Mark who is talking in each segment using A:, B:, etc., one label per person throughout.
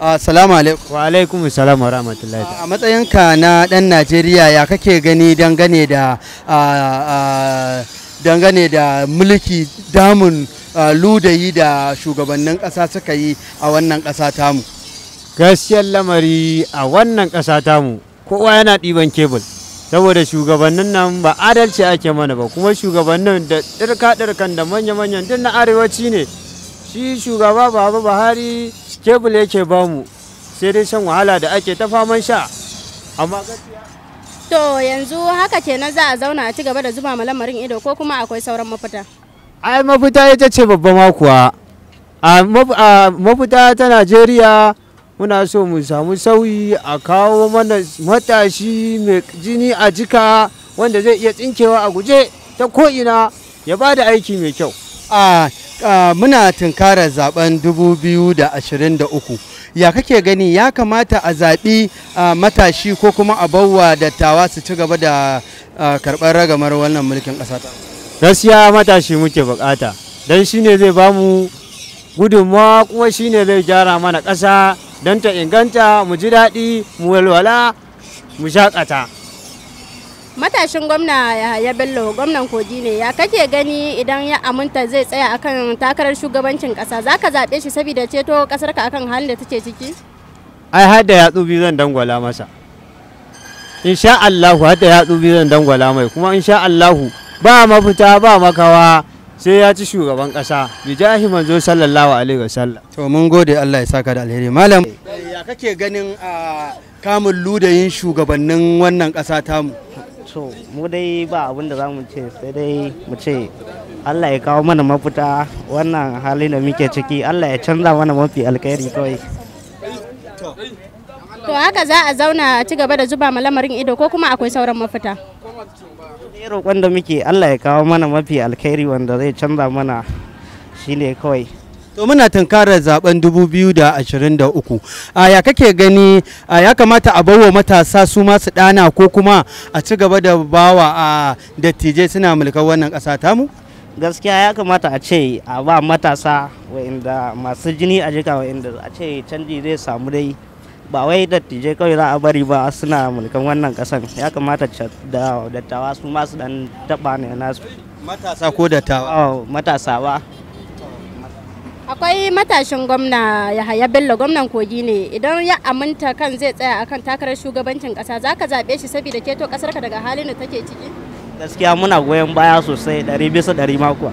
A: Assalamu alaikum. Wa alaikum salamu wa rahmatullahi. A
B: matsayinka na ɗan Najeriya ya kake gani dangane da dangane da mulki damun ludayi da shugabannin ƙasa suka yi a wannan ƙasa tamu.
A: Gaskiyar lamari a wannan ƙasa tamu kowa yana ɗiban kebul. saboda shugabannin nan ba adalci ake mana ba kuma shugabannin da ɗirka-ɗirkan da manya-manyan duk na arewaci ne shi shugaba ba ba buhari kebul yake mu sai dai shan wahala da ake ta faman sha amma
C: to yanzu haka kenan za a zauna a ci gaba da zuba malamarin ido ko kuma akwai sauran mafita
A: ai mafita ita ce babba makuwa a mafita ta najeriya muna so mu samu sauyi a kawo mana matashi mai jini a jika wanda zai iya tsinkewa a guje ta ko'ina ya ba da aiki mai kyau
B: a muna tunkara zaben 2023 ya kake gani ya kamata a zaɓi matashi ko kuma a bawa dattawa su ci gaba da karɓar ragamar wannan mulkin ƙasa
A: gaskiya matashi muke bukata don shine zai bamu gudunmawa kuma shine zai gyara mana ƙasa don ta inganta mu ji daɗi mu walwala mu shakata
C: matashin gwamna ya bello gwamnan kogi ne ya kake gani idan ya aminta zai tsaya akan takarar shugabancin ƙasa za ka zaɓe shi saboda ceto ƙasarka akan halin da take ciki
A: ai har da yatsu bi zan dangwala masa insha allahu har da yatsu bi zan dangwala mai kuma insha allahu ba mafita ba makawa sai ya ci shugaban kasa bi jahi manzo sallallahu alaihi wasallam to mun gode Allah ya saka da alheri
B: malam ya kake ganin a
D: kamun ludayin shugabannin wannan kasa tamu to mu dai ba abin da zamu ce sai dai mu ce Allah ya kawo mana mafita wannan hali da muke ciki Allah ya canza mana mafi alkhairi kawai
C: to haka za a zauna a ci gaba da zuba ma lamarin ido ko kuma akwai sauran mafita
D: sai roƙon da muke Allah ya kawo mana mafi alkhairi wanda zai canza mana shine kawai to muna tunkarar zaben 2023
B: a ya kake gani a ya kamata a bawa matasa su masu dana ko kuma
D: a ci gaba da bawa a dattijai suna mulkar wannan ƙasa mu. gaskiya ya kamata a ce a ba matasa wa'inda masu jini a jika wa'inda a ce canji zai samu dai ba wai dattijai kawai za a bari ba suna mulkan wannan kasan ya kamata da dattawa su masu dan taba ne nasu matasa ko dattawa oh, matasa ba
C: akwai matashin gwamna yahaya bello gwamnan kogi ne idan ya aminta kan zai tsaya akan takarar shugabancin kasa za ka zaɓe shi saboda keto kasar ka daga halin da take ciki
D: gaskiya muna goyon baya sosai ɗari bisa ɗari makuwa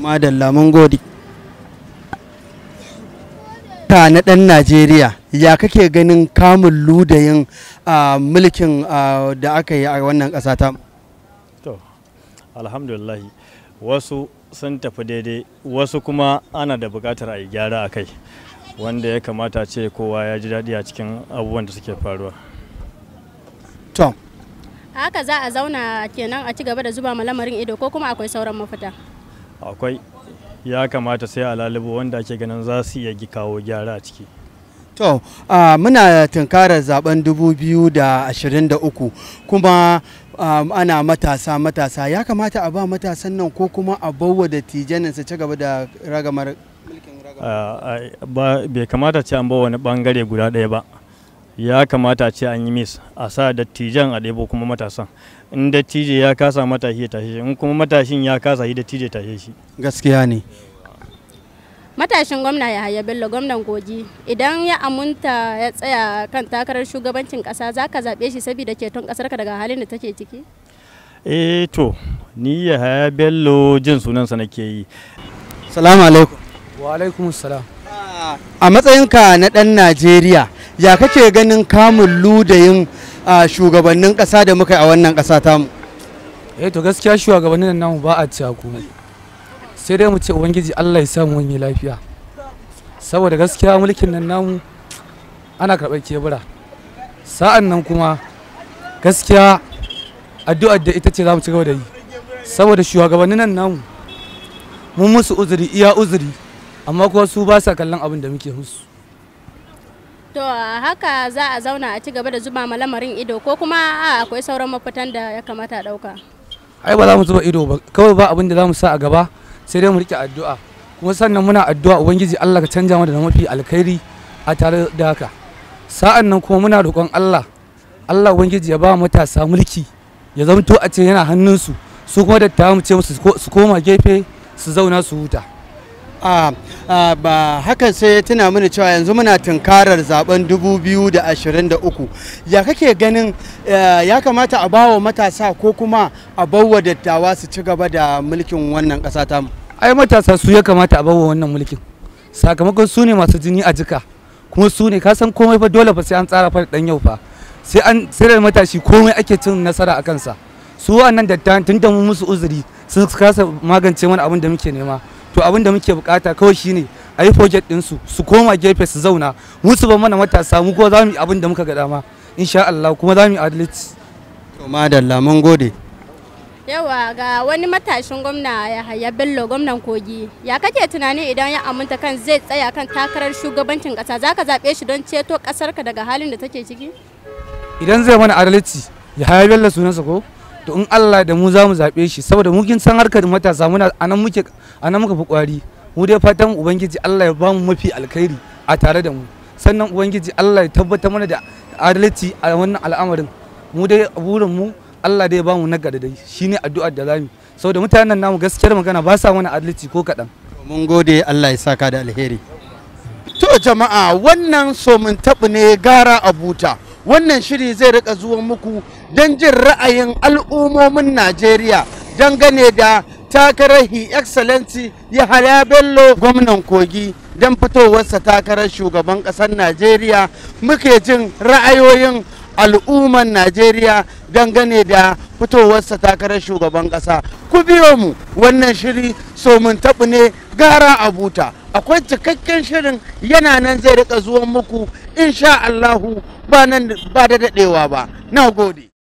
D: madalla mun gode matsayinka na
B: ɗan najeriya ya kake ganin kamun ludayin mulkin da aka yi a wannan ƙasa ta
A: to alhamdulillahi wasu sun tafi daidai wasu kuma ana da buƙatar a yi gyara a kai wanda ya kamata ce kowa ya ji daɗi a cikin abubuwan da suke faruwa
C: to haka za a zauna kenan a ci gaba da zuba ma lamarin ido ko kuma akwai sauran mafita
A: akwai ya kamata sai a lalubo wanda ake ganin za su iya kawo gyara a ciki
B: to uh, muna tunkarar zaben 2023 kuma um, ana matasa matasa ya kamata a ba matasan nan ko kuma a bawa da tijanin su ci gaba da ragamar
A: bai kamata ce an ba wani bangare guda ɗaya ba ya kamata ce an yi mis a sa dattijan a ɗebo kuma matasan in dattije ya kasa matashi ya tashe shi in kuma matashin ya kasa yi ya tashe shi
B: gaskiya ne
C: matashin gwamna ya haya bello gwamnan goji idan ya amunta ya tsaya kan takarar shugabancin kasa za ka zaɓe shi saboda ceton ka daga halin da take ciki
A: eh to ni ya haya bello jin sunansa nake yi salamu alaikum
E: wa alaikum salam a matsayinka
B: na ɗan najeriya ya kake ganin kamun ludayin shugabannin ƙasa
E: da muka a wannan ƙasa tamu eh to gaskiya shugabannin nan namu ba a ci sai dai mu ce ubangiji Allah ya sa mu wani lafiya saboda gaskiya mulkin nan namu ana karɓar kebura sa'an nan kuma gaskiya addu'ar da ita ce za mu ci gaba da yi saboda shugabannin nan namu mun musu uzuri iya uzuri amma kuma su ba sa kallon abin da muke musu
C: to haka za a zauna a ci gaba da zuba ma lamarin ido ko kuma a akwai sauran mafitan da ya kamata a ɗauka
E: ai ba za mu zuba ido ba kawai ba abin da za mu sa a gaba sai dai mu rike addu'a kuma sannan muna addu'a ubangiji Allah ka canja mu da mafi alkhairi a tare da haka sa'an nan kuma muna roƙon Allah Allah ubangiji ya ba matasa mulki ya zamto a ce yana hannunsu su kuma dattawa mu ce musu su koma gefe su zauna su huta ba hakan sai ya tuna mini cewa yanzu muna
B: tunkarar zaben 2023 ya kake ganin eh, ya kamata a bawa matasa ko kuma a bawa dattawa su ci gaba da mulkin wannan ta
E: mu ai matasa su ya kamata a bawa wannan mulkin sakamakon su ne masu jini a jika kuma su ne kasan komai fa dole fa sai an tsara fa dan yau fa sai an tsirar matashi komai ake cin nasara a kansa su wa'annan dattawan tun da mu musu uzuri sun kasa magance mana abin da muke nema to abin da muke bukata kawai shine a yi project din su su koma gefe su zauna mu su ba mana matasa mu ko za mu yi abin da muka ga dama insha Allah kuma za mu yi adalci to madalla mun gode
C: yawa ga wani matashin gwamna yahaya bello gwamnan kogi ya kake tunani idan ya aminta kan zai tsaya kan takarar shugabancin kasa zaka zabe zaɓe shi don ceto ka daga halin da take ciki
E: idan zai mana adalci yahaya bello sunansa ko to in Allah da mu za mu zaɓe shi saboda mu kin san harkar matasa muna anan muke anan muka fi ƙwari mu dai fatan ubangiji Allah ya bamu mafi alkhairi a tare da mu sannan ubangiji Allah ya tabbatar mana da adalci a wannan al'amarin mu dai burin mu Allah dai ya mu nagari dai shine addu'ar da zamu saboda mutanen namu gaskiyar magana ba sa mana adalci ko kaɗan. mun gode Allah ya saka da alheri to jama'a
B: wannan somin taɓu ne gara abuta wannan shiri zai rika zuwa muku don jin ra'ayin al'ummomin najeriya don gane da takarar hi excellency yahaya bello gwamnan kogi don fitowarsa takarar shugaban ƙasar najeriya muke jin ra'ayoyin al'umman najeriya don gane da fitowarsa takarar shugaban ƙasa ku biyo mu wannan shiri so mun taɓu ne gara abuta akwai cikakken shirin yana nan zai rika zuwan muku insha allahu ba da daɗewa ba na gode